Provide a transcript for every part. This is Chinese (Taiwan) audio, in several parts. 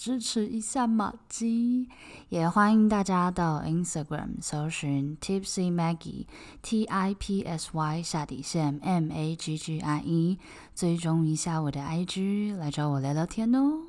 支持一下瑪姬，也歡迎大家到 Instagram 搜尋 Tipsy Maggie，T I P S Y 下底線 M A G G I E，追蹤一下我的 IG，來找我聊聊天哦。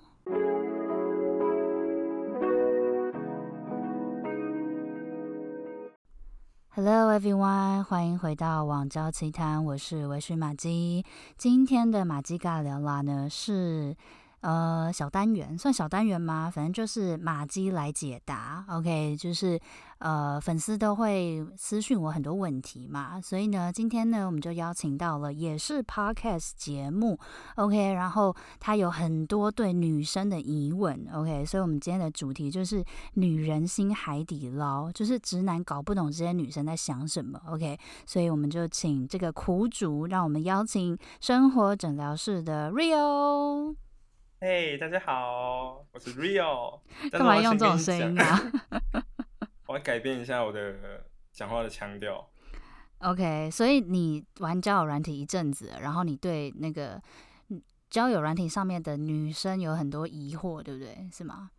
Hello everyone，歡迎回到網交奇談，我是微醺瑪姬。今天的瑪姬尬聊啦呢是。呃，小單元算小單元嗎？反正就是瑪姬來解答。OK，就是呃，粉絲都會私訊我很多問題嘛，所以呢，今天呢，我們就邀請到了也是 Podcast 節目，OK，然後他有很多對女生的疑問，OK，所以我們今天的主題就是女人心海底撈，就是直男搞不懂這些女生在想什麼，OK，所以我們就請這個苦主，讓我們邀請生活診聊室的 Real。嘿，hey, 大家好，我是 Real 幹嘛用這種聲音啊？ 我要改變一下我的講話的腔調。OK，所以你玩交友軟體一陣子，然後你對那個交友軟體上面的女生有很多疑惑，對不對？是嗎？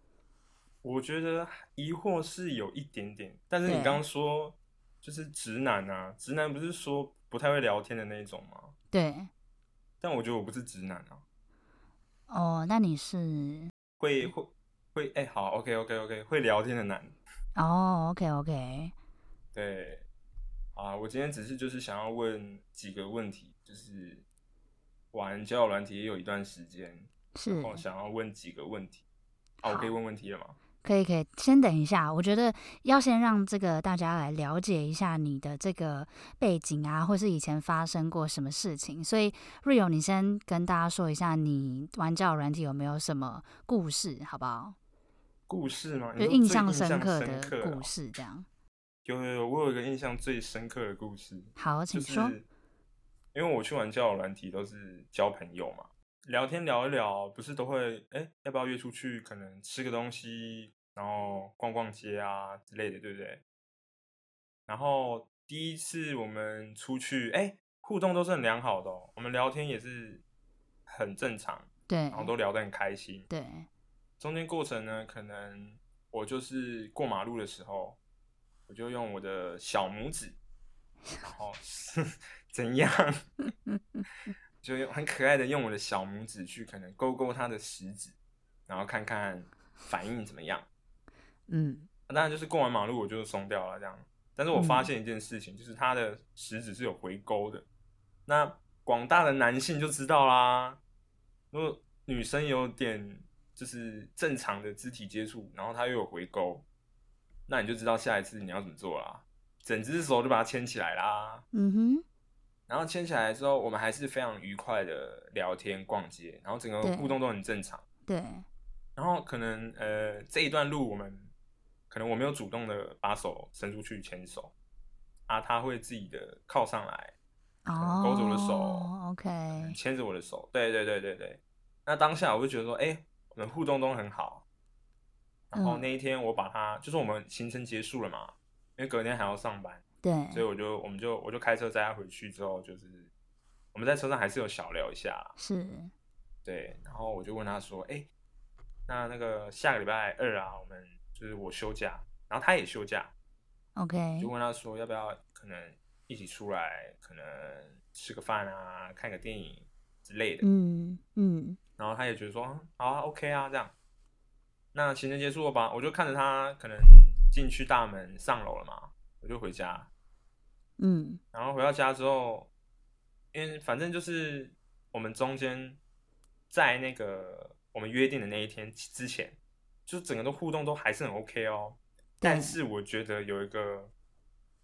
我覺得疑惑是有一點點，但是你剛剛說對就是直男啊，直男不是說不太會聊天的那一種嗎？對。但我覺得我不是直男啊。哦，oh, 那你是會會會哎、欸，好，OK OK OK，會聊天的男。哦、oh,，OK OK。對，啊，我今天只是就是想要問幾個問題，就是玩交友軟體也有一段時間，是，想要問幾個問題，哦、啊，好我可以問問題了嗎？可以，可以，先等一下。我覺得要先讓這個大家來了解一下你的這個背景啊，或是以前發生過什麼事情。所以，Real，你先跟大家說一下你玩交友軟體有沒有什麼故事，好不好？故事嗎？就印象深刻的故事，這樣。這樣，有有有，我有一個印象最深刻的故事。好，請說。因為我去玩交友軟體都是交朋友嘛。聊天聊一聊，不是都會哎，要不要約出去？可能吃個東西，然後逛逛街啊之類的，對不對？然後第一次我們出去，哎，互動都是很良好的哦，我們聊天也是很正常，對，然後都聊得很開心，對。中間過程呢，可能我就是過馬路的時候，我就用我的小拇指，然後 怎樣？ 就用很可愛的用我的小拇指去可能勾勾他的食指，然後看看反應怎麼樣。嗯、啊，當然就是過完馬路我就鬆掉了這樣。但是我發現一件事情，嗯、就是他的食指是有回勾的。那廣大的男性就知道啦。如果女生有點就是正常的肢體接觸，然後她又有回勾，那你就知道下一次你要怎麼做啦。整隻手就把它牽起來啦。嗯哼。然後牽起來之後，我們還是非常愉快的聊天、逛街，然後整個互動都很正常。對。對，然後可能呃這一段路我們可能我沒有主動的把手伸出去牽手，啊他會自己的靠上來，嗯、勾着我的手、oh，OK，牽着、嗯、我的手。對對對對對。那當下我就覺得說，哎、欸，我們互動都很好。然後那一天我把他，就是我們行程結束了嘛，因為隔天還要上班。對，所以我就，我們就，我就開車載他回去之後，就是我們在車上還是有小聊一下，是，對，然後我就問他說，哎、欸，那那個下個禮拜二啊，我們就是我休假，然後他也休假，OK，我就問他說要不要可能一起出來，可能吃個飯啊，看個電影之類的，嗯嗯，嗯然後他也覺得說、嗯、好啊，OK 啊，這樣，那行程結束了吧，我就看着他可能進去大門上樓了嘛，我就回家。嗯，然後回到家之後，因為反正就是我們中間在那個我們約定的那一天之前，就整個的互動都還是很 OK 哦。對但是我覺得有一個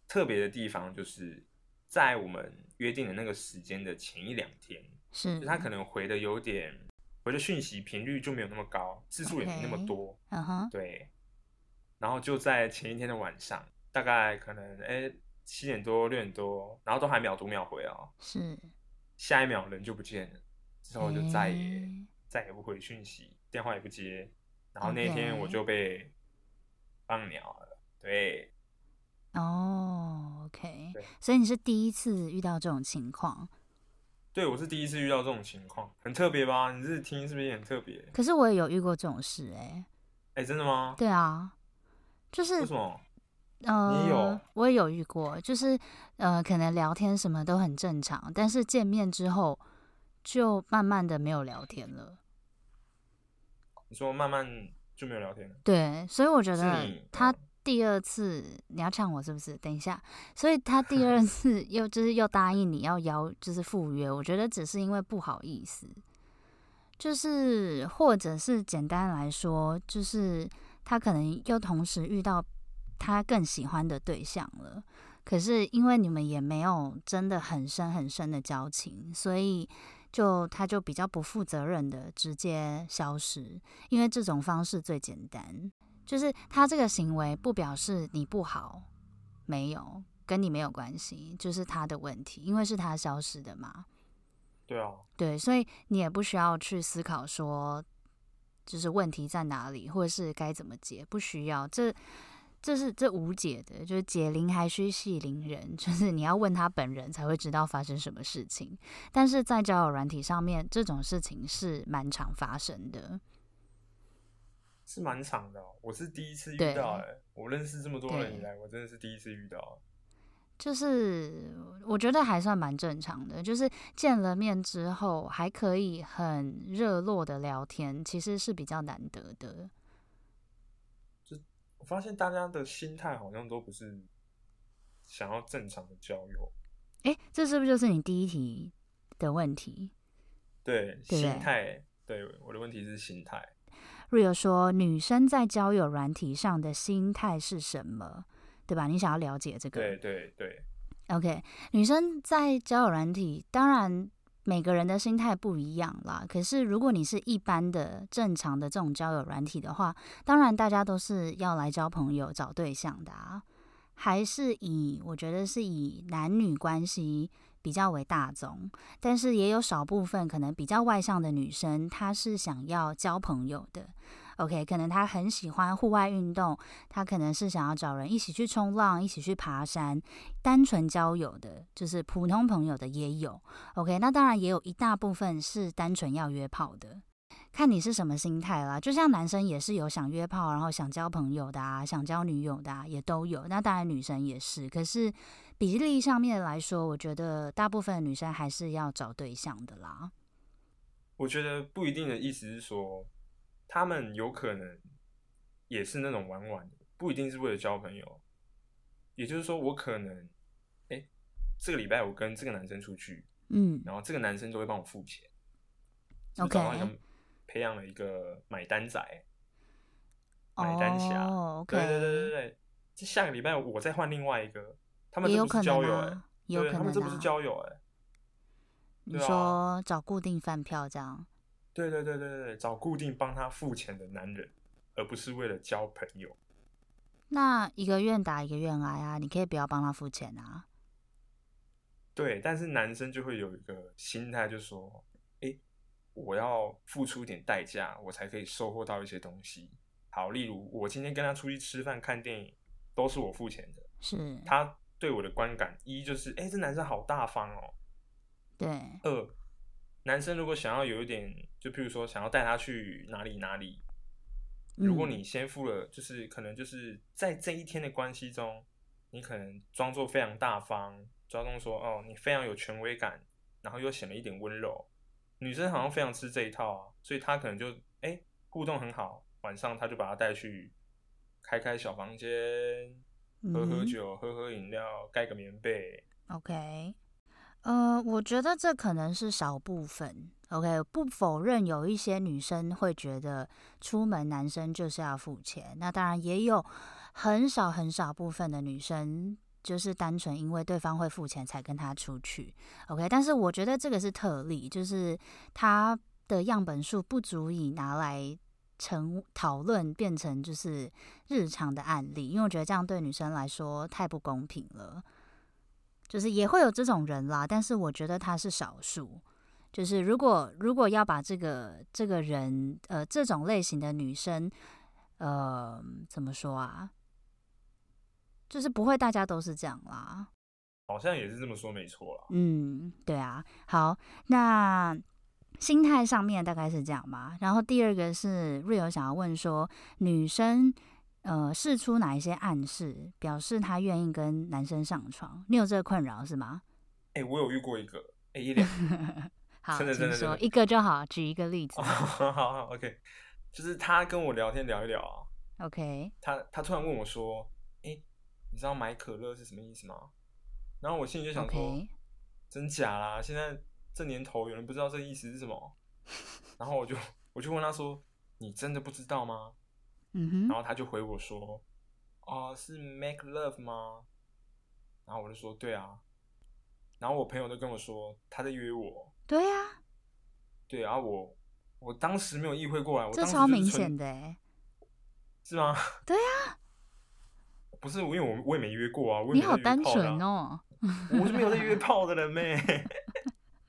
特別的地方，就是在我們約定的那個時間的前一兩天，是的就他可能回的有點，回的訊息頻率就沒有那麼高，字數也沒那麼多。Okay. Uh huh. 對。然後就在前一天的晚上，大概可能哎。誒七點多、六點多，然後都還秒讀秒回哦、啊。是，下一秒人就不見了，之後就再也、欸、再也不回訊息，電話也不接，然後那天我就被放鳥了。Okay. 對，哦、oh,，OK，對所以你是第一次遇到這種情況？對，我是第一次遇到這種情況，很特別吧？你是聽是不是也很特別？可是我也有遇過這種事、欸，哎，哎，真的嗎？對啊，就是為什麼？呃、你有，我也有遇過，就是呃，可能聊天什麼都很正常，但是見面之後就慢慢的沒有聊天了。你說慢慢就沒有聊天了？對，所以我覺得是他第二次、哦、你要嗆我是不是？等一下，所以他第二次又就是又答應你要邀就是赴約， 我覺得只是因為不好意思，就是或者是簡單來說，就是他可能又同時遇到。他更喜歡的對象了，可是因為你們也沒有真的很深很深的交情，所以就他就比較不負責任的直接消失，因為這種方式最簡單，就是他這個行為不表示你不好，沒有跟你沒有關係，就是他的問題，因為是他消失的嘛。對啊，對，所以你也不需要去思考說，就是問題在哪裡，或者是該怎麼解，不需要這。這是這是無解的，就是解鈴還須繫鈴人，就是你要問他本人才會知道發生什麼事情。但是在交友軟體上面，這種事情是蠻常發生的。是蠻常的喔？我是第一次遇到欸，哎對，我認識這麼多人以來，我真的是第一次遇到。就是我覺得還算蠻正常的，就是見了面之後還可以很熱絡的聊天，其實是比較難得的。我發現大家的心態好像都不是想要正常的交友，哎，這是不是就是你第一題的問題？對，對對心態。對我的問題是心態。Real 說，女生在交友軟體上的心態是什麼？對吧？你想要了解這個？對對對。對對 OK，女生在交友軟體，當然。每個人的心態不一樣啦。可是，如果你是一般的正常的這種交友軟體的話，當然大家都是要來交朋友，找對象的啊。還是以我覺得是以男女關係比較為大宗，但是也有少部分可能比較外向的女生，她是想要交朋友的。OK，可能他很喜歡戶外運動，他可能是想要找人一起去衝浪，一起去爬山，單純交友的，就是普通朋友的也有。OK，那當然也有一大部分是單純要約炮的，看你是什麼心態啦。就像男生也是有想約炮，然後想交朋友的啊，想交女友的啊，也都有。那當然女生也是，可是比例上面來說，我覺得大部分女生還是要找對象的啦。我覺得不一定的意思是說。他們有可能也是那種玩玩，不一定是為了交朋友。也就是說，我可能，欸、這個禮拜我跟這個男生出去，嗯，然後這個男生就會幫我付錢，OK，培養了一個買單仔，欸、買單俠。對、oh, okay. 對對對對，下個禮拜我再換另外一個，他們不是交友、欸，對，他們這不是交友哎、欸。啊對啊、你說找固定飯票這樣。對對對對對，找固定幫他付錢的男人，而不是為了交朋友。那一個願打一個願挨啊，你可以不要幫他付錢啊。對，但是男生就會有一個心態，就說：誒，我要付出一點代價，我才可以收穫到一些東西。好，例如我今天跟他出去吃飯、看電影，都是我付錢的。是。他對我的觀感一就是：誒，這男生好大方哦。對。二。男生如果想要有一點，就譬如說想要帶她去哪裡哪裡，嗯、如果你先付了，就是可能就是在這一天的關係中，你可能裝作非常大方，裝作說哦你非常有權威感，然後又顯得一點溫柔，女生好像非常吃這一套啊，所以她可能就哎、欸、互動很好，晚上他就把她帶去開開小房間，喝喝酒，喝喝飲料，蓋個棉被，OK。嗯呃，我覺得這可能是少部分。OK，不否認有一些女生會覺得出門男生就是要付錢。那當然也有很少很少部分的女生，就是單純因為對方會付錢才跟他出去。OK，但是我覺得這個是特例，就是他的樣本數不足以拿來成討論，變成就是日常的案例。因為我覺得這樣對女生來說太不公平了。就是也會有這種人啦，但是我覺得他是少數。就是如果如果要把這個這個人，呃，這種類型的女生，呃，怎麼說啊？就是不會，大家都是這樣啦。好像也是這麼說，沒錯啦。嗯，對啊。好，那心態上面大概是這樣吧。然後第二個是瑞爾想要問說，女生。呃，釋出哪一些暗示，表示他願意跟男生上床？你有這個困擾，是嗎？哎、欸，我有遇過一個，哎、欸，一兩， 好真的真的說等等，一個就好，舉一個例子。哦、好好，好，OK，就是他跟我聊天聊一聊 o OK k 他他突然問我說：“哎、欸，你知道買可樂是什麼意思嗎？”然後我心裡就想說：“ OK 真假啦，現在這年頭有人不知道這意思是什麼？”然後我就我就問他說：“你真的不知道嗎？”然後他就回我說：“嗯、哼哦，是 make love 嗎？”然後我就說：“對啊。”然後我朋友都跟我說他在約我。對啊，對啊。我我當時沒有意會過來，我當時這超明顯的，是嗎？對啊， 不是，因為我我也沒約過啊，我約啊，你好單純哦， 我就沒有在約炮的人咩？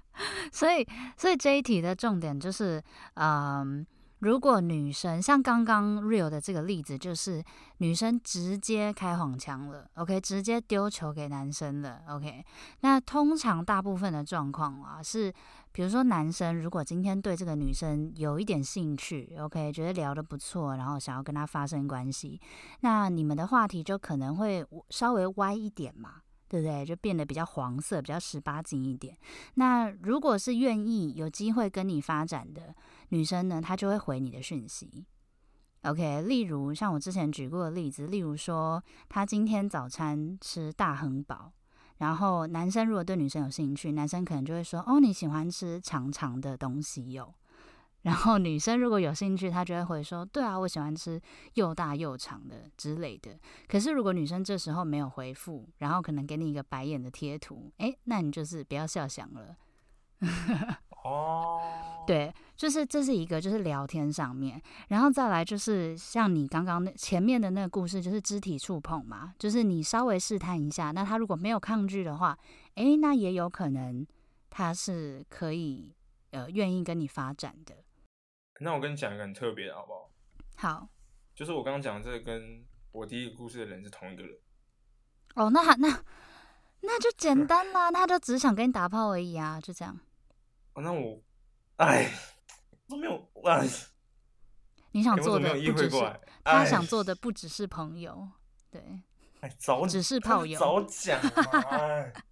所以所以這一題的重點就是嗯。如果女生像剛剛 Real 的這個例子，就是女生直接開黃腔了，OK，直接丟球給男生了，OK。那通常大部分的狀況啊，是比如說男生如果今天對這個女生有一點興趣，OK，覺得聊得不錯，然後想要跟她發生關係，那你們的話題就可能會稍微歪一點嘛。對不對？就變得比較黃色，比較十八禁一點。那如果是願意有機會跟你發展的女生呢，她就會回你的訊息。OK，例如像我之前舉過的例子，例如說，她今天早餐吃大亨堡，然後男生如果對女生有興趣，男生可能就會說：“哦，你喜歡吃長長的東西喲、哦。”然後女生如果有興趣，她就會回說：“對啊，我喜歡吃又大又長的之類的。”可是如果女生這時候沒有回復，然後可能給你一個白眼的貼圖，哎，那你就是不要肖想了。哦 ，oh. 對，就是這是一個就是聊天上面，然後再來就是像你剛剛那前面的那個故事，就是肢體觸碰嘛，就是你稍微試探一下，那他如果沒有抗拒的話，哎，那也有可能他是可以呃願意跟你發展的。那我跟你講一個很特別的，好不好？好，就是我剛剛講的這個跟我第一個故事的人是同一個人。哦，那他那那就簡單啦，他、呃、就只想跟你打炮而已啊，就這樣。啊、哦，那我，哎，都沒有哎。你想做的不只是他想做的不只是朋友，唉對，早只是炮友，早講嘛。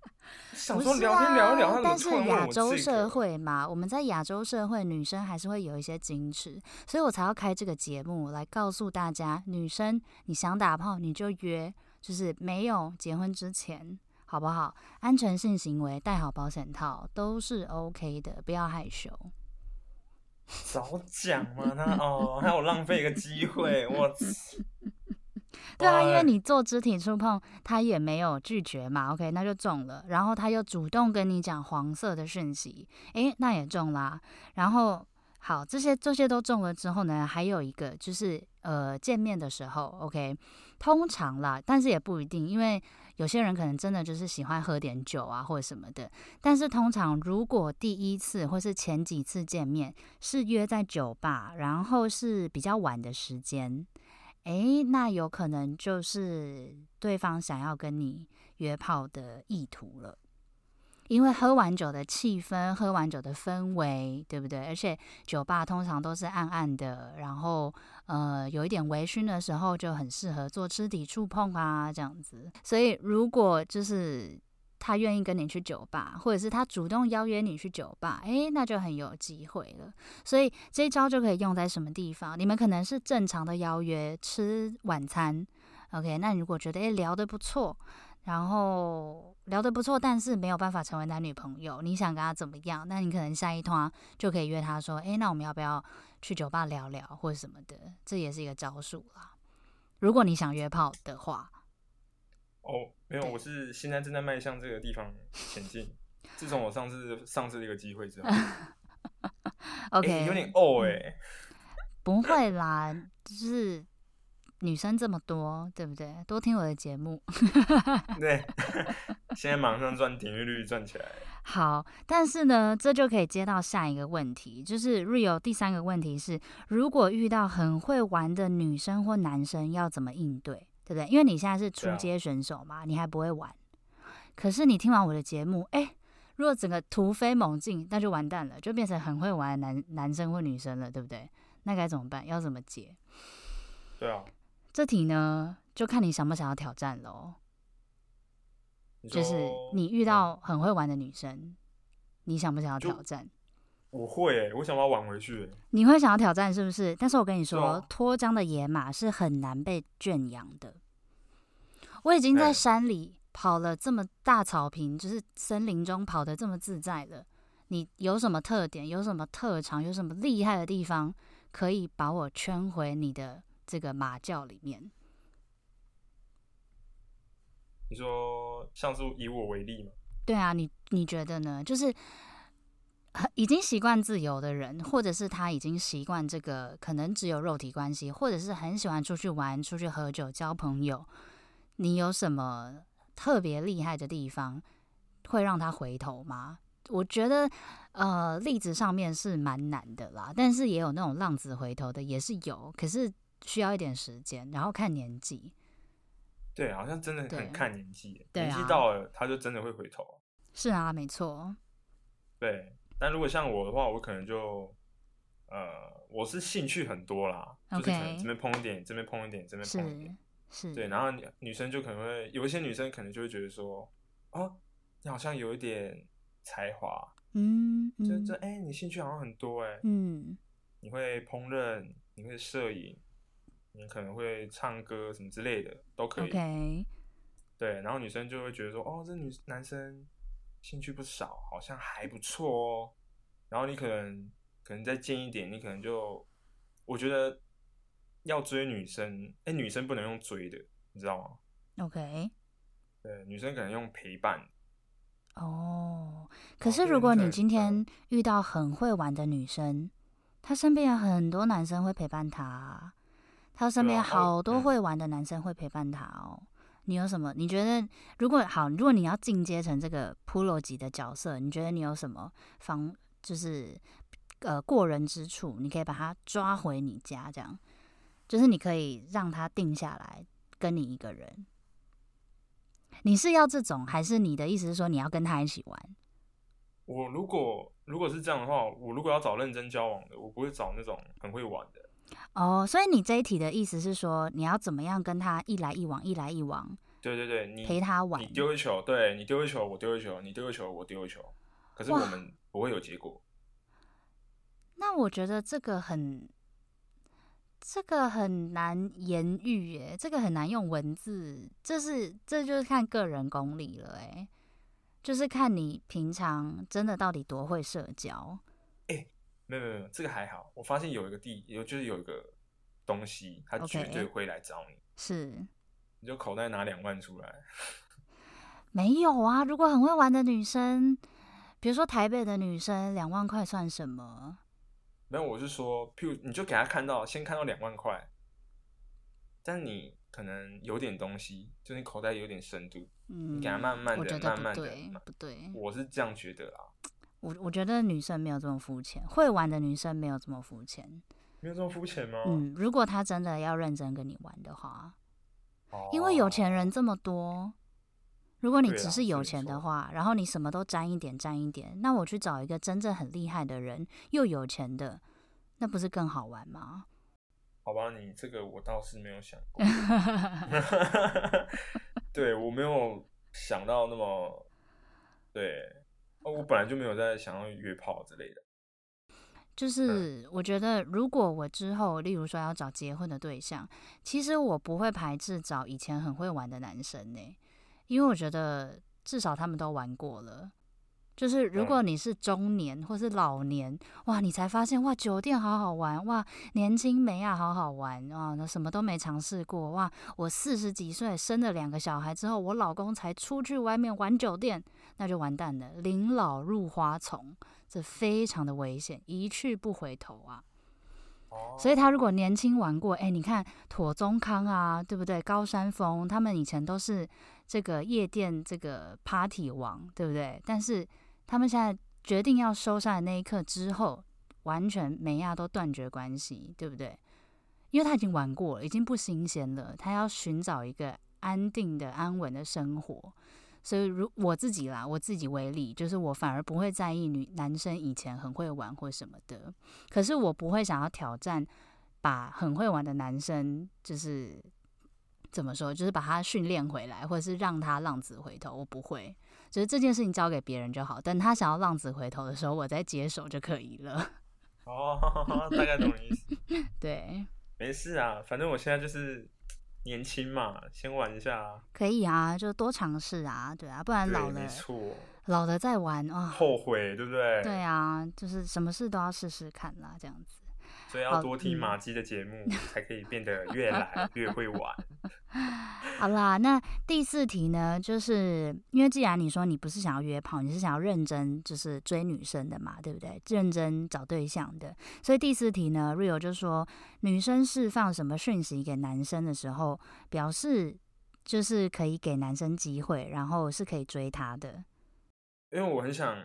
想說聊天聊一聊，但是亞洲社會嘛，我們在亞洲社會，女生還是會有一些矜持，所以我才要開這個節目來告訴大家，女生你想打炮你就約，就是沒有結婚之前，好不好？安全性行為，戴好保險套都是 OK 的，不要害羞。早講嘛，他哦，那我 浪費一個機會，我 對啊，因為你做肢體觸碰，他也沒有拒絕嘛，OK，那就中了。然後他又主動跟你講黃色的訊息，哎，那也中啦。然後好，這些這些都中了之後呢，還有一個就是呃，見面的時候，OK，通常啦，但是也不一定，因為有些人可能真的就是喜歡喝點酒啊或者什麼的。但是通常如果第一次或是前幾次見面是約在酒吧，然後是比較晚的時間。哎，那有可能就是對方想要跟你約炮的意圖了，因為喝完酒的氣氛，喝完酒的氛圍，對不對？而且酒吧通常都是暗暗的，然後呃有一點微醺的時候，就很適合做肢體觸碰啊，這樣子。所以如果就是。他願意跟你去酒吧，或者是他主動邀約你去酒吧，誒、欸，那就很有機會了。所以這一招就可以用在什麼地方？你們可能是正常的邀約吃晚餐，OK？那你如果覺得誒、欸、聊得不錯，然後聊得不錯，但是沒有辦法成為男女朋友，你想跟他怎麼樣？那你可能下一通就可以約他說，誒、欸，那我們要不要去酒吧聊聊或者什麼的？這也是一個招數啦。如果你想約炮的話。哦，oh, 沒有，對我是現在正在邁向這個地方前進。自從我上次上次這個機會之後 ，OK，、欸、有點哦、oh 欸。哎，不會啦，就是女生這麼多，對不對？多聽我的節目， 對，現在馬上賺點擊率賺起來。 好，但是呢，這就可以接到下一個問題，就是 Real 第三個問題是，如果遇到很會玩的女生或男生，要怎麼應對？對不對？因為你現在是初階選手嘛，啊、你還不會玩。可是你聽完我的節目，哎，如果整個突飛猛進，那就完蛋了，就變成很會玩的男男生或女生了，對不對？那該怎麼辦？要怎麼解？對啊，這題呢，就看你想不想要挑戰咯。說就是你遇到很會玩的女生，嗯、你想不想要挑戰？我會、欸，我想把它挽回去。欸。你會想要挑戰，是不是？但是我跟你說，脫韁嗎的野馬是很難被圈養的。我已經在山裡跑了這麼大草坪，呦就是森林中跑得這麼自在了。你有什麼特點？有什麼特長？有什麼厲害的地方？可以把我圈回你的這個馬廄裡面？你說，像是以我為例嗎？對啊，你你覺得呢？就是。已經習慣自由的人，或者是他已經習慣這個，可能只有肉體關係，或者是很喜歡出去玩、出去喝酒、交朋友。你有什麼特別厲害的地方，會讓他回頭嗎？我覺得，呃，例子上面是蠻難的啦，但是也有那種浪子回頭的，也是有，可是需要一點時間，然後看年紀。對，好像真的很看年紀。對啊，年紀到了，他就真的會回頭。是啊，沒錯。對。但如果像我的話，我可能就，呃，我是興趣很多啦，Okay. 就是可能這邊碰一點，這邊碰一點，這邊碰一點，對。然後女女生就可能會有一些女生可能就會覺得說，哦、啊，你好像有一點才華，嗯，這這，哎、欸，你興趣好像很多、欸，哎、嗯，嗯，你會烹飪，你會攝影，你可能會唱歌什麼之類的，都可以，Okay. 對。然後女生就會覺得說，哦，這女男生。興趣不少，好像還不錯哦、喔。然後你可能可能再見一點，你可能就我覺得要追女生，哎、欸，女生不能用追的，你知道嗎？OK。對，女生可能用陪伴。哦，oh, 可是如果你今天遇到很會玩的女生，嗯、她身邊有很多男生會陪伴她，她身邊好多會玩的男生會陪伴她哦、喔。嗯你有什麼？你覺得如果好，如果你要進階成這個 PRO 級的角色，你覺得你有什麼方，就是呃過人之處，你可以把他抓回你家，這樣，就是你可以讓他定下來跟你一個人。你是要這種，還是你的意思是說你要跟他一起玩？我如果如果是這樣的話，我如果要找認真交往的，我不會找那種很會玩的。哦，oh, 所以你這一題的意思是說，你要怎麼樣跟他一來一往，一來一往？對對對，你陪他玩，你丟一球，對，你丟一球，我丟一球，你丟一球，我丟一球，可是我們不會有結果。那我覺得這個很，這個很難言喻，耶，這個很難用文字，這是這就是看個人功力了，欸，哎，就是看你平常真的到底多會社交。沒有沒有沒有，這個還好。我發現有一個地，有就是有一個東西，他絕對會來找你。是，Okay. 你就口袋拿兩萬出來。 沒有啊，如果很會玩的女生，比如說台北的女生，兩萬塊算什麼？沒有，我是說，譬如你就給她看到，先看到兩萬塊，但你可能有點東西，就你口袋有點深度，嗯、你給她慢慢，慢慢的，慢慢的，對，不對，我是這樣覺得啊。我我覺得女生沒有這麼膚淺，會玩的女生沒有這麼膚淺。沒有這麼膚淺嗎？嗯，如果她真的要認真跟你玩的話，oh. 因為有錢人這麼多，如果你只是有錢的話，啊、然後你什麼都沾一點沾一點，那我去找一個真正很厲害的人又有錢的，那不是更好玩嗎？好吧，你這個我倒是沒有想過， 對，我沒有想到那麼，對。我本來就沒有在想要約炮之類的。就是我覺得，如果我之後，例如說要找結婚的對象，其實我不會排斥找以前很會玩的男生呢、欸，因為我覺得至少他們都玩過了。就是如果你是中年或是老年，嗯、哇，你才發現哇，酒店好好玩，哇，年輕沒有好好玩啊，那什麼都沒嘗試過，哇，我四十幾歲生了兩個小孩之後，我老公才出去外面玩酒店。那就完蛋了，臨老入花叢，這非常的危險，一去不回頭啊。Oh. 所以他如果年輕玩過，哎，你看，庹宗康啊，對不對？高山峰，他們以前都是這個夜店、這個 party 王，對不對？但是他們現在決定要收山的那一刻之後，完全每樣、啊、都斷絕關係，對不對？因為他已經玩過了，已經不新鮮了，他要尋找一個安定的、安穩的生活。所以，如我自己啦，我自己為例，就是我反而不會在意女男生以前很會玩或什麼的，可是我不會想要挑戰，把很會玩的男生，就是怎麼說，就是把他訓練回來，或者是讓他浪子回頭，我不會，就是這件事情交給別人就好，等他想要浪子回頭的時候，我再接手就可以了。哦呵呵，大概懂你意思。 對，沒事啊，反正我現在就是。年輕嘛，先玩一下，可以啊，就多嘗試啊，對啊，不然老了，沒錯，老了再玩啊。哦、後悔，對不對？對啊，就是什麼事都要試試看啦，這樣子。所以要多聽瑪姬的節目，才可以變得越來越會玩好。好啦，那第四題呢？就是因為既然你說你不是想要約炮，你是想要認真，就是追女生的嘛，對不對？認真找對象的。所以第四題呢，Real 就說，女生釋放什麼訊息給男生的時候，表示就是可以給男生機會，然後是可以追她的。因為我很想，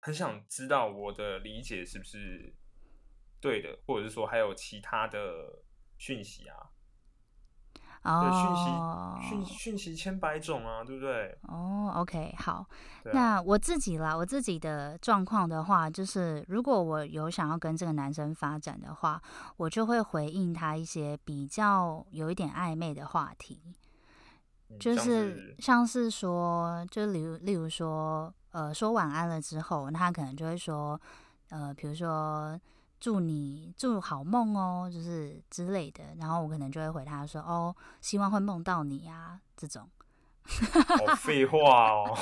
很想知道我的理解是不是？對的，或者是說還有其他的訊息啊，哦、oh, 訊息訊息，訊息千百種啊，對不對？哦、oh,，OK，好，啊、那我自己啦，我自己的狀況的話，就是如果我有想要跟這個男生發展的話，我就會回應他一些比較有一點曖昧的話題，就是像是、嗯、像是，像是說，就例，例如說，呃，說晚安了之後，那他可能就會說，呃，比如說。祝你祝好夢哦，就是之類的。然後我可能就會回他說：“哦，希望會夢到你啊。”這種， 好廢話哦，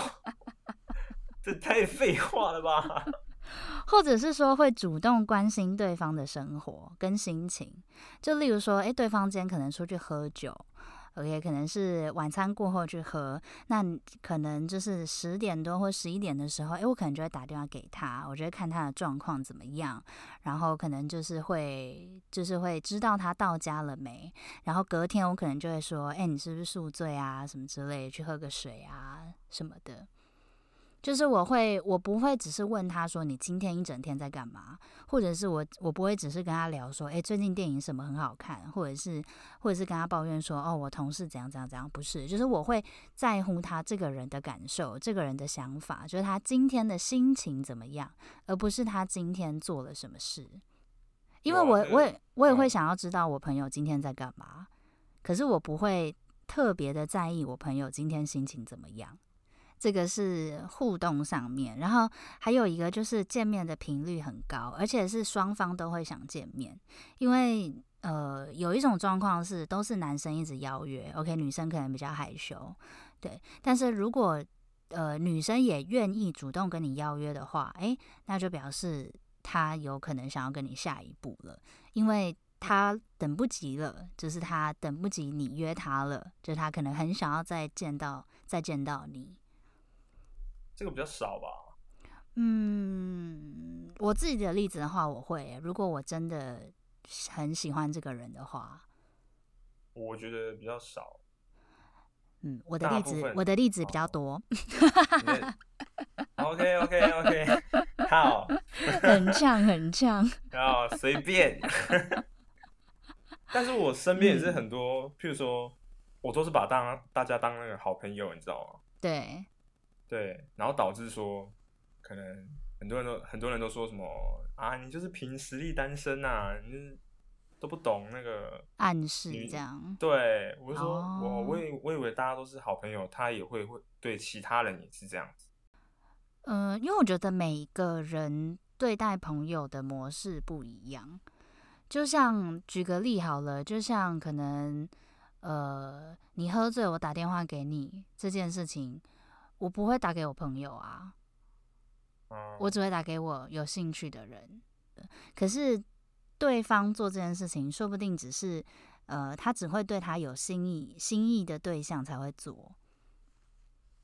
這太廢話了吧。 或者是說會主動關心對方的生活跟心情，就例如說，誒、欸，對方今天可能出去喝酒。OK，可能是晚餐過後去喝，那可能就是十點多或十一點的時候，哎，我可能就會打電話給他，我覺得看他的狀況怎麼樣，然後可能就是會，就是會知道他到家了沒，然後隔天我可能就會說，哎，你是不是宿醉啊，什麼之類，去喝個水啊什麼的。就是我會，我不會只是問他說，你今天一整天在幹嘛？或者是我，我不會只是跟他聊說，哎，最近電影什麼很好看？或者是，或者是跟他抱怨說，哦，我同事怎樣怎樣怎樣？不是，就是我會在乎他這個人的感受，這個人的想法，就是他今天的心情怎麼樣，而不是他今天做了什麼事。因為我，我也，我也會想要知道我朋友今天在幹嘛，可是我不會特別的在意我朋友今天心情怎麼樣。這個是互動上面，然後還有一個就是見面的頻率很高，而且是雙方都會想見面。因為呃，有一種狀況是都是男生一直邀約，OK，女生可能比較害羞，對。但是如果呃，女生也願意主動跟你邀約的話，誒，那就表示她有可能想要跟你下一步了，因為她等不及了，就是她等不及你約她了，就她可能很想要再見到再見到你。這個比較少吧？嗯，我自己的例子的話，我會如果我真的很喜歡這個人的話，我覺得比較少。嗯，我的例子，我的例子比較多。哦、 OK OK OK，好， 很嗆很嗆，好， 隨便。 但是我身邊也是很多，嗯、譬如說，我都是把大大家當那個好朋友，你知道嗎？對。對，然後導致說，可能很多人都很多人都說什麼啊，你就是憑實力單身吶、啊，你就是都不懂那個暗示這樣。對，我就說、Oh. 我我以我以為大家都是好朋友，他也會會對其他人也是這樣子。嗯、呃，因為我覺得每一個人對待朋友的模式不一樣，就像舉個例好了，就像可能呃，你喝醉我打電話給你這件事情。我不會打給我朋友啊，我只會打給我有興趣的人。嗯，可是對方做這件事情，說不定只是，呃，他只會對他有心意、心意的對象才會做。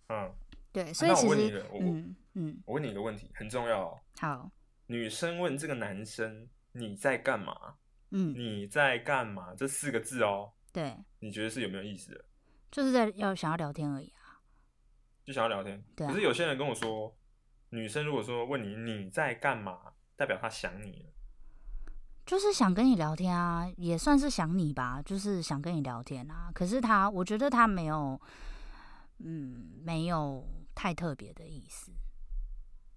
嗯，對，所以其實，嗯嗯，啊，我問，嗯嗯，我問你一個問題，很重要。好，女生問這個男生，你在幹嘛？嗯，你在幹嘛？這四個字哦。對。你覺得是有沒有意思的？就是在要想要聊天而已啊。想要聊天，啊、可是有些人跟我說，女生如果說問你你在幹嘛，代表她想你了，就是想跟你聊天啊，也算是想你吧，就是想跟你聊天啊。可是她，我覺得她沒有，嗯，沒有太特別的意思，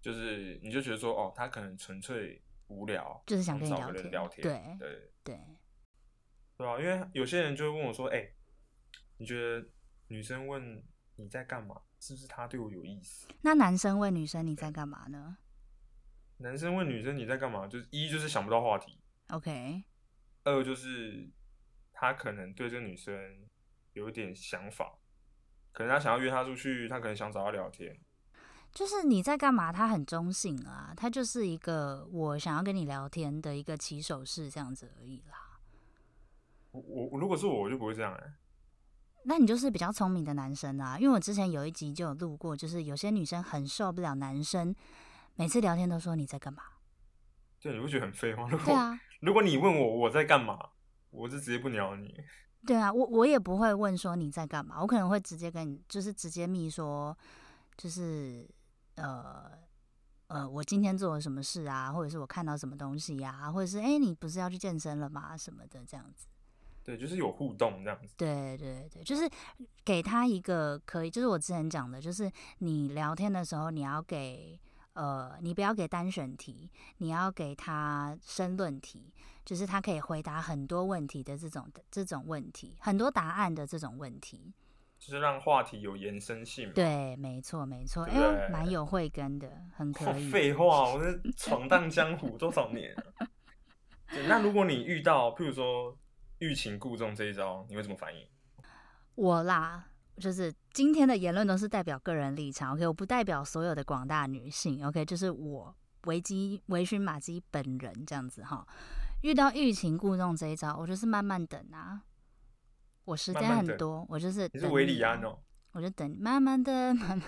就是你就覺得說，哦，她可能純粹無聊，就是想跟你聊天，對對對，對吧對、啊？因為有些人就會問我說，誒、欸，你覺得女生問，你在幹嘛？是不是他對我有意思？那男生問女生你在幹嘛呢？男生問女生你在幹嘛，就是一就是想不到話題，OK。二就是他可能對這女生有一點想法，可能他想要約她出去，他可能想找她聊天。就是你在幹嘛？他很中性啊，他就是一個我想要跟你聊天的一個起手式這樣子而已啦。我我如果是我，我就不會這樣了欸。那你就是比較聰明的男生啊，因為我之前有一集就有錄過，就是有些女生很受不了男生每次聊天都說你在幹嘛？對，你不覺得很廢嗎？對啊，如，如果你問我我在幹嘛，我是直接不鳥你。對啊，我我也不會問說你在幹嘛，我可能會直接跟你就是直接密說，就是呃呃，我今天做了什麼事啊，或者是我看到什麼東西啊，或者是哎、欸、你不是要去健身了嗎？什麼的這樣子。對，就是有互動這樣子。對對對，就是給他一個可以，就是我之前講的，就是你聊天的時候，你要給呃，你不要給單選題，你要給他申論題，就是他可以回答很多問題的這種這種問題，很多答案的這種問題，就是讓話題有延伸性。對，沒錯沒錯，哎，蠻有慧根的，很可以。哦，廢話，我是闖蕩江湖多少年了 對，那如果你遇到，譬如說。欲擒故縱這一招，你會怎麼反應？我啦，就是今天的言論都是代表個人立場，OK，我不代表所有的廣大的女性，OK，就是我微醺、微醺瑪姬本人這樣子哈。遇到欲擒故縱這一招，我就是慢慢等啊。我時間很多，慢慢我就是、啊。維里安哦。我就等，慢慢的，慢慢，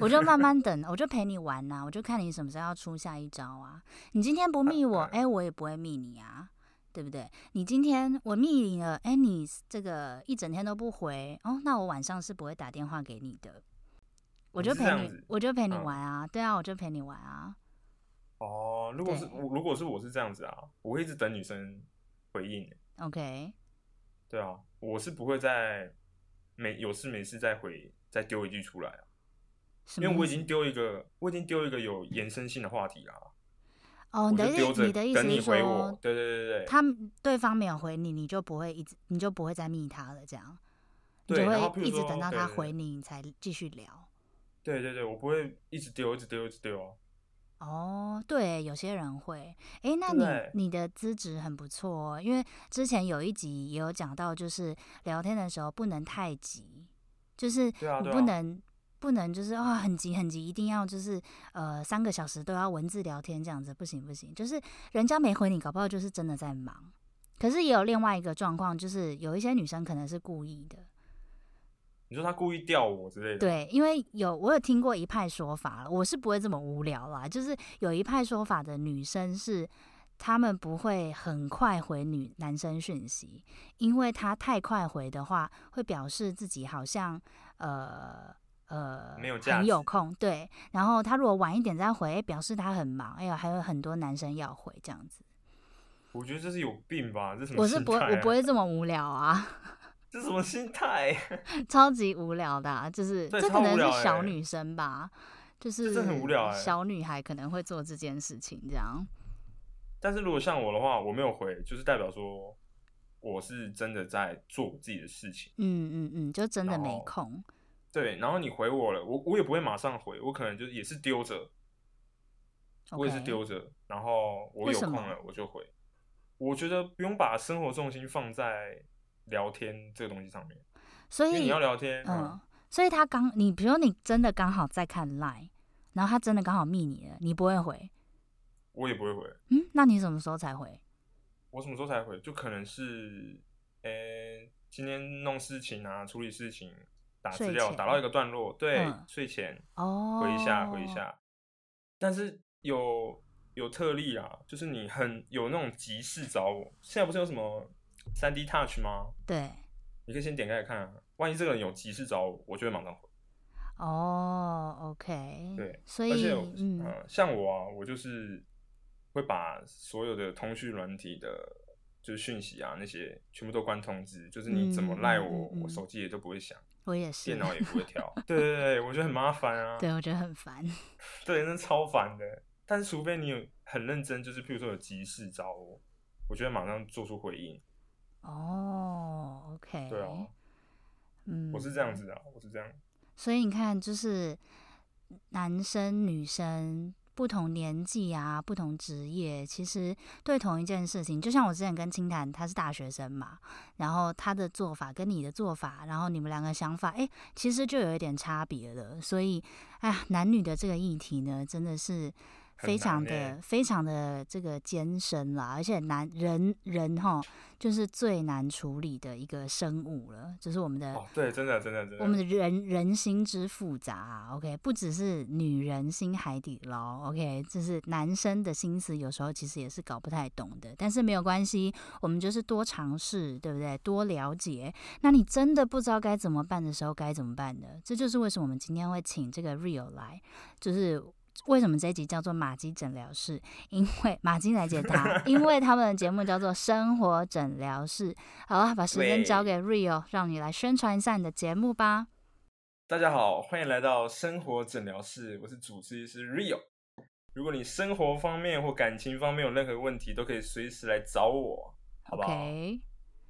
我就慢慢等， 我就陪你玩吶、啊，我就看你什麼時候要出下一招啊。你今天不密我，哎、啊啊欸，我也不會密你啊。對不對？你今天我密你了，哎，你這個一整天都不回哦，那我晚上是不會打電話給你的。我就陪你，你我就陪你玩啊。嗯、對啊，我就陪你玩啊。哦，如果是對如果是我是這樣子啊，我會一直等女生回應。OK。對啊，我是不會再沒有事沒事再回再丟一句出來啊，因為我已經丟一個，我已經丟一個有延伸性的話題了。嗯哦，oh, 你的意思你的意思是說，對對對，對他對方沒有回你，你就不會一直，你就不會再密他了，這樣，對，你就會一直等到他回你，你才繼續聊對對對對。對對對，我不會一直丟，一直丟，一直丟。哦，oh, 對，有些人會。哎，那你對對你的資質很不錯，哦，因為之前有一集也有講到，就是聊天的時候不能太急，就是你不能、啊。不能就是啊、哦，很急很急，一定要就是呃，三個小時都要文字聊天這樣子，不行不行。就是人家沒回，你搞不好就是真的在忙。可是也有另外一個狀況，就是有一些女生可能是故意的。你說她故意釣我之類的？對，因為有我有聽過一派說法，我是不會這麼無聊啦。就是有一派說法的女生是，她們不會很快回女男生訊息，因為她太快回的話，會表示自己好像呃。呃，沒有加。你有空，對，然後他如果晚一點再回，表示他很忙。哎呀，還有很多男生要回這樣子。我覺得這是有病吧？這是、啊、我是不我不會這麼無聊啊。 這是什麼心態？超級無聊的，啊，就是對這可能是小女生吧，欸，就是這很無聊，欸，小女孩可能會做這件事情這樣。但是如果像我的話，我沒有回，就是代表說我是真的在做我自己的事情。嗯嗯嗯，就真的沒空。對，然後你回我了，我我也不會馬上回，我可能就也是丟着，Okay. 我也是丟着，然後我有空了我就回。我覺得不用把生活重心放在聊天這個東西上面，所以你要聊天，嗯、呃，所以他剛，你比如說你真的剛好在看 Line，然後他真的剛好密你了，你不會回，我也不會回，嗯，那你什麼時候才回？我什麼時候才回？就可能是，呃、欸，今天弄事情啊，處理事情。打資料，打到一個段落，對，嗯、睡前哦，回一下，哦、回一下，但是有有特例啊，就是你很有那種急事找我，現在不是有什麼 3D Touch 嗎？對，你可以先點開來看，啊，萬一這個人有急事找我，我就會馬上回。哦，OK，對，所以而且嗯、呃，像我啊，我就是會把所有的通訊軟體的，就是訊息啊那些全部都關通知，就是你怎麼賴我，嗯、我手機也都不會響。嗯我也是，電腦也不會調。 對對對，我覺得很麻煩啊。對，我覺得很煩。 對，真的超煩的。但是除非你有很認真，就是譬如說有急事找我，我覺得馬上做出回應。哦、oh，OK。對啊。嗯，我是這樣子的、啊，嗯、我是這樣。所以你看，就是男生、女生。不同年紀啊，不同職業，其實對同一件事情，就像我之前跟清談，他是大學生嘛，然後他的做法跟你的做法，然後你們兩個想法，哎、欸，其實就有一點差別了。所以，哎呀，男女的這個議題呢，真的是。非常的非常的這個艱深啦，而且男人人哈就是最難處理的一個生物了，就是我們的對，真的真的真的我們的人人心之複雜啊，OK，不只是女人心海底撈，OK，這是男生的心思，有時候其實也是搞不太懂的。但是沒有關係，我們就是多嘗試，對不對？多了解。那你真的不知道該怎麼辦的時候該怎麼辦呢，這就是為什麼我們今天會請這個 Real 來，就是。為什麼這一集叫做瑪姬診聊室？因為瑪姬來解答， 因為他們的節目叫做生活診聊室。好了，把時間交給 Real，對讓你來宣傳一下你的節目吧。大家好，歡迎來到生活診聊室，我是主持人 Real。如果你生活方面或感情方面有任何問題，都可以隨時來找我，好不好？OK Okay.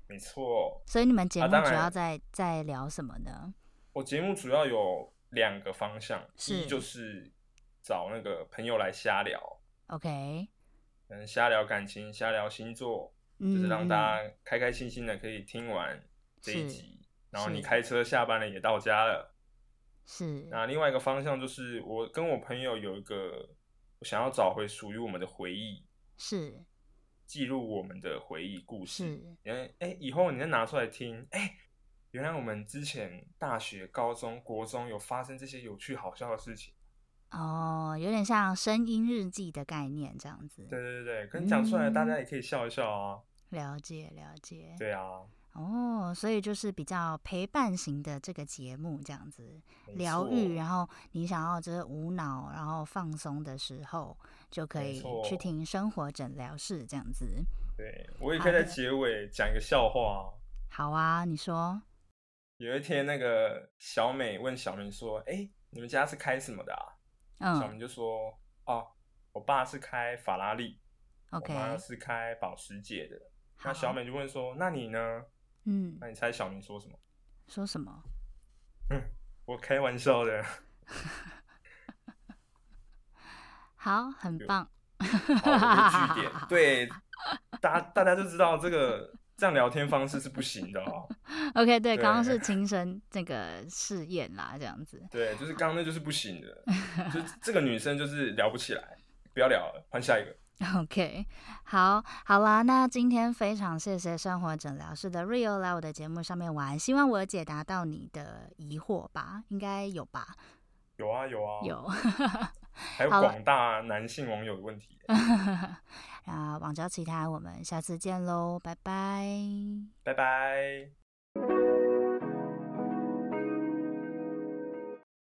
沒錯錯。所以你們節目主要在、啊、在聊什麼呢？我節目主要有兩個方向，是一就是。找那個朋友來瞎聊，OK，嗯，瞎聊感情，瞎聊星座，就是讓大家開開心心的可以聽完這一集，然後你開車下班了也到家了，是。那另外一個方向就是我跟我朋友有一個，我想要找回屬於我們的回憶，是，記錄我們的回憶故事，哎，哎，是，欸，以後你再拿出來聽，哎，欸，原來我們之前大學、高中、國中有發生這些有趣好笑的事情。哦，有點像聲音日記的概念這樣子。對對對跟你講出來，大家也可以笑一笑哦、啊嗯，了解了解。對啊。哦，所以就是比較陪伴型的這個節目這樣子，療癒沒錯。然後你想要就是無腦，然後放鬆的時候，就可以去聽生活診療室這樣子。沒錯。這樣子對，我也可以在結尾講一個笑話好。好啊，你說。有一天，那個小美問小明說：“哎、欸，你們家是開什麼的啊？”嗯、小明就說：“哦，我爸是開法拉利，Okay. 我媽是開保時捷的。啊”那小美就問說：“那你呢？”嗯，那你猜小明說什麼？說什麼？嗯，我開玩笑的。 好，很棒。好、 哦，句點。對， 大家大家都知道這個。這樣聊天方式，是不行的哦。 OK，對，對剛剛是親身這個試驗啦，這樣子。對，就是剛剛那就是不行的，好 就這個女生就是聊不起來，不要聊了，換下一個。OK，好好啦，那今天非常謝謝生活診聊室的 Real 來我的節目上面玩，希望我解答到你的疑惑吧？應該有吧？有啊，有啊，有。 還有廣大男性網友的問題好啦， 啊！網交其他，我們下次見嘍，拜拜，拜拜。